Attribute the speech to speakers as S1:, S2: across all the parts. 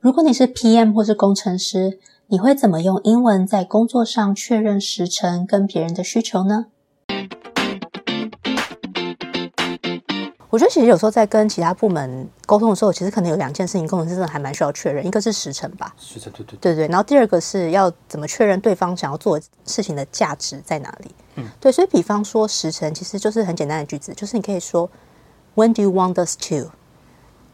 S1: 如果你是 PM 或是工程師，你會怎麼用英文在工作上確認時程跟別人的需求呢？我覺得其實有時候在跟其他部門溝通的時候，其實可能有兩件事情工程師真的還蠻需要確認，一個是時程吧，時程對對對，對，對，然後第二個是要怎麼確認對方想要做事情的價值在哪裡？嗯，對，所以比方說時程其實就是很簡單的句子，就是你可以說 When do you want us to？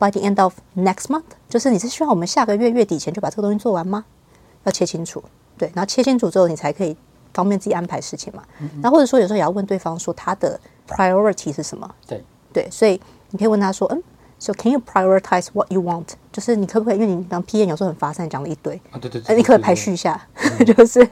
S1: By the end of next month，就是你是希望我們下個月月底前就把這個東西做完嗎？要切清楚，對，然後切清楚之後，你才可以方便自己安排事情嘛。嗯嗯，然後或者說，有時候也要問對方說他的 priority 是什麼？對對，所以你可以問他說：“嗯，So can you prioritize what you want？” 就是你可不可以？因為你當 PM 有時候很發散，講了一堆，哦、對，對，對，
S2: 對，對，對對，嗯、你可不可以排
S1: 序一下？嗯、 就是，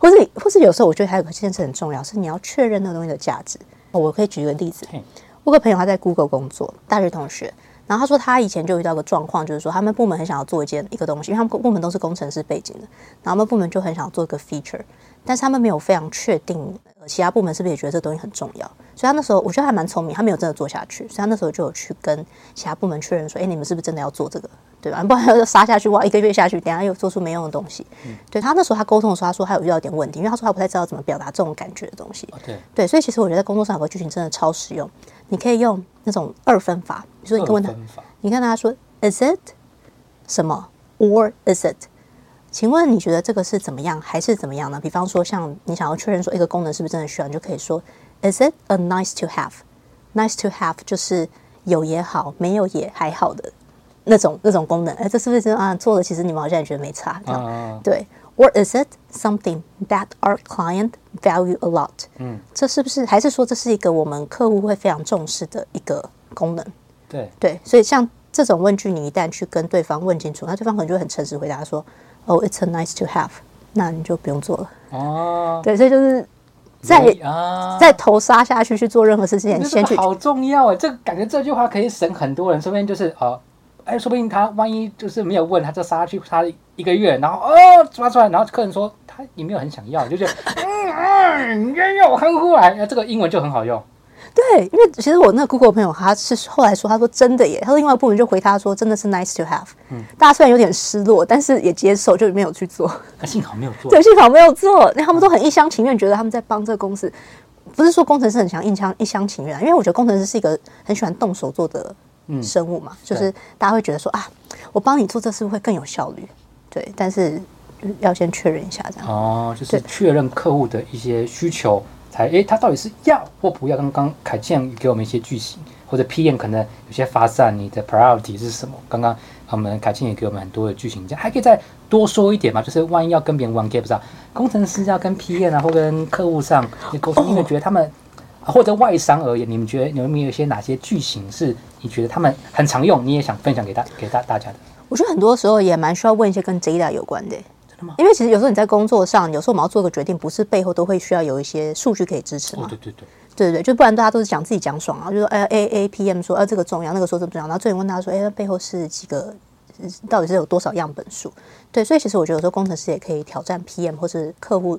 S1: 或者你，或是有時候，我覺得還有一件事很重要，是你要確認那個東西的價值。我可以舉一個例子，Okay. 我個朋友他在 Google 工作，大學同學。然後他說，他以前就遇到一個狀況，就是說他們部門很想要做一件一個東西，因為他們部門都是工程師背景的，然後他們部門就很想要做一個 feature，但是他們沒有非常確定其他部門是不是也覺得這個東西很重要，所以他那時候我覺得還蠻聰明，他沒有真的做下去，所以他那時候就有去跟其他部門確認說，誒，你們是不是真的要做這個？對吧？不然又殺下去，哇！一個月下去，等下又做出沒用的東西。嗯、對他那時候，他溝通的時候，他說他有遇到點問題，因為他說他不太知道怎麼表達這種感覺的東西。Okay. 對，所以其實我覺得在工作上有個句型真的超實用，你可以用那種二分法。比如說你問他，你看他說，Is it 什麼，or is it？請問你覺得這個是怎麼樣，還是怎麼樣呢？比方說，像你想要確認說一個功能是不是真的需要，你就可以說，Is it a nice to have？Nice to have 就是有也好，沒有也還好的。嗯那種那種功能，哎，這是不是啊做了？其實你們好像也覺得沒差，對。Or is it something that our client value a lot？嗯，這是不是還是說這是一個我們客戶會非常重視的一個功能？對對，所以像這種問句，你一旦去跟對方問清楚，那對方可能就很誠實回答說：“哦，It's a nice to have。”那你就不用做了。哦，對，所以就是在在投沙下去去做任何事情前，先去好
S2: 重要啊！這感覺這句話可以省很多人。順便就是啊。哎、欸，說不定他萬一就是沒有問，他就殺去殺了一個月，然後哦、呃、抓出來，然後客人說他也沒有很想要，就就嗯 嗯，又、哎、要、哎哎、我哼出來，那、啊、這個英文就很好用。
S1: 對，因為其實我那個 Google 朋友他是後來說，他說真的耶，他說另外一部門就回他說真的是 nice to have。嗯，大家雖然有點失落，但是也接受，就沒有去做。那、啊、幸
S2: 好沒有做。對，幸
S1: 好沒有做，那他們都很一廂情願，嗯、覺得他們在幫這個公司。不是說工程師很強硬槍一廂情願，因為我覺得工程師是一個很喜歡動手做的。生物嘛，嗯、就是大家會覺得說對啊，我幫你做這事會更有效率，對。但是要先確認一下，這
S2: 樣哦，就是確認客戶的一些需求才，才哎對、欸，他到底是要或不要。剛剛凱茜給我們一些句型，或者 PM 可能有些發散，你的 priority 是什麼？剛剛我們凱茜也給我們很多的句型，這樣還可以再多說一點嘛？就是萬一要跟別人玩 gap 上，工程師要跟 PM 啊，或者跟客戶上，你溝通，因為覺得他們、哦。啊、或者外商而言，你們覺得你們有一些哪些句型是你覺得他們很常用？你也想分享給大家給大大家的？
S1: 我覺得很多時候也蠻需要問一些跟 data 有關的、欸，真的嗎？因為其實有時候你在工作上，有時候我們要做個決定，不是背後都會需要有一些數據可以支持嘛、哦、對對對，對對對，就不然大家都是講自己講爽啊，就是、說哎 A A P M 說呃、啊、這個重要，那個說這麼重要，然後最近問大家說哎，欸、那背後是幾個，到底是有多少樣本數？對，所以其實我覺得有時候工程師也可以挑戰 P M 或是客戶。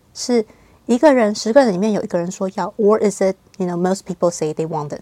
S1: 是一個人，十個人裡面有一個人說要，or is it you know most people say they want it。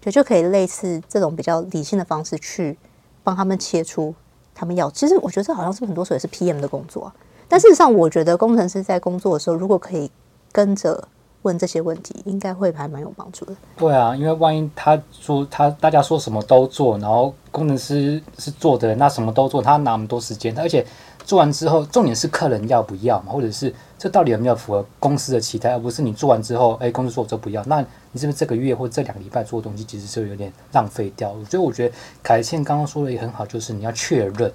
S1: 就就可以類似這種比較理性的方式去幫他們切出他們要。其實我覺得這好像是不是很多時候也是 PM 的工作啊，但事實上我覺得工程師在工作的時候，如果可以跟着。問這些問題應該會還蠻有幫助
S2: 的。對啊，因為萬一他說他大家說什麼都做，然後工程師是做的人，那什麼都做，他拿那麼多時間，而且做完之後，重點是客人要不要嘛，或者是這到底有沒有符合公司的期待，而不是你做完之後，哎、欸，公司說我這不要，那你是不是這個月或這兩個禮拜做的東西，其實是有點浪費掉了？所以我覺得凱茜剛剛說的也很好，就是你要確認，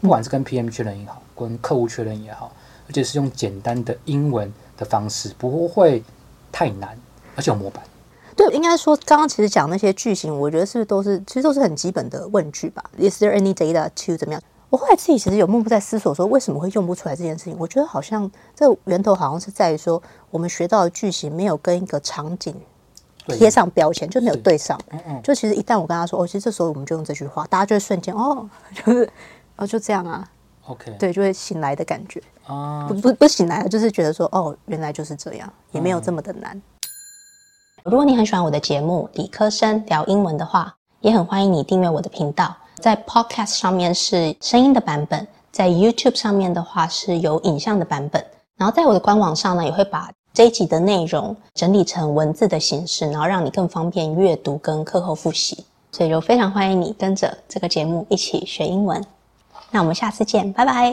S2: 不管是跟 PM 確認也好，跟客戶確認也好，而且是用簡單的英文的方式，不會。太難，而且
S1: 有模板。對，應該說剛剛其實講那些句型，我覺得是不是都是其實都是很基本的問句吧。Is there any data to 怎麼樣？我後來自己其實有默默在思索說，為什麼會用不出來這件事情？我覺得好像這個源頭好像是在於說，我們學到的句型沒有跟一個場景貼上標籤，對就沒有對上。是就其實一旦我跟他說，哦，其實這時候我們就用這句話，大家就會瞬間哦，就是哦，就這樣啊。OK，對，就會醒來的感覺啊，uh、不不醒來了，就是覺得說，哦，原來就是這樣，也沒有這麼的難。嗯、如果你很喜歡我的節目《理科生聊英文》的話，也很歡迎你訂閱我的頻道，在 Podcast 上面是聲音的版本，在 YouTube 上面的話是有影像的版本。然後在我的官網上呢，也會把這一集的內容整理成文字的形式，然後讓你更方便閱讀跟課後複習。所以，就非常歡迎你跟着這個節目一起學英文。那我們下次見，拜拜。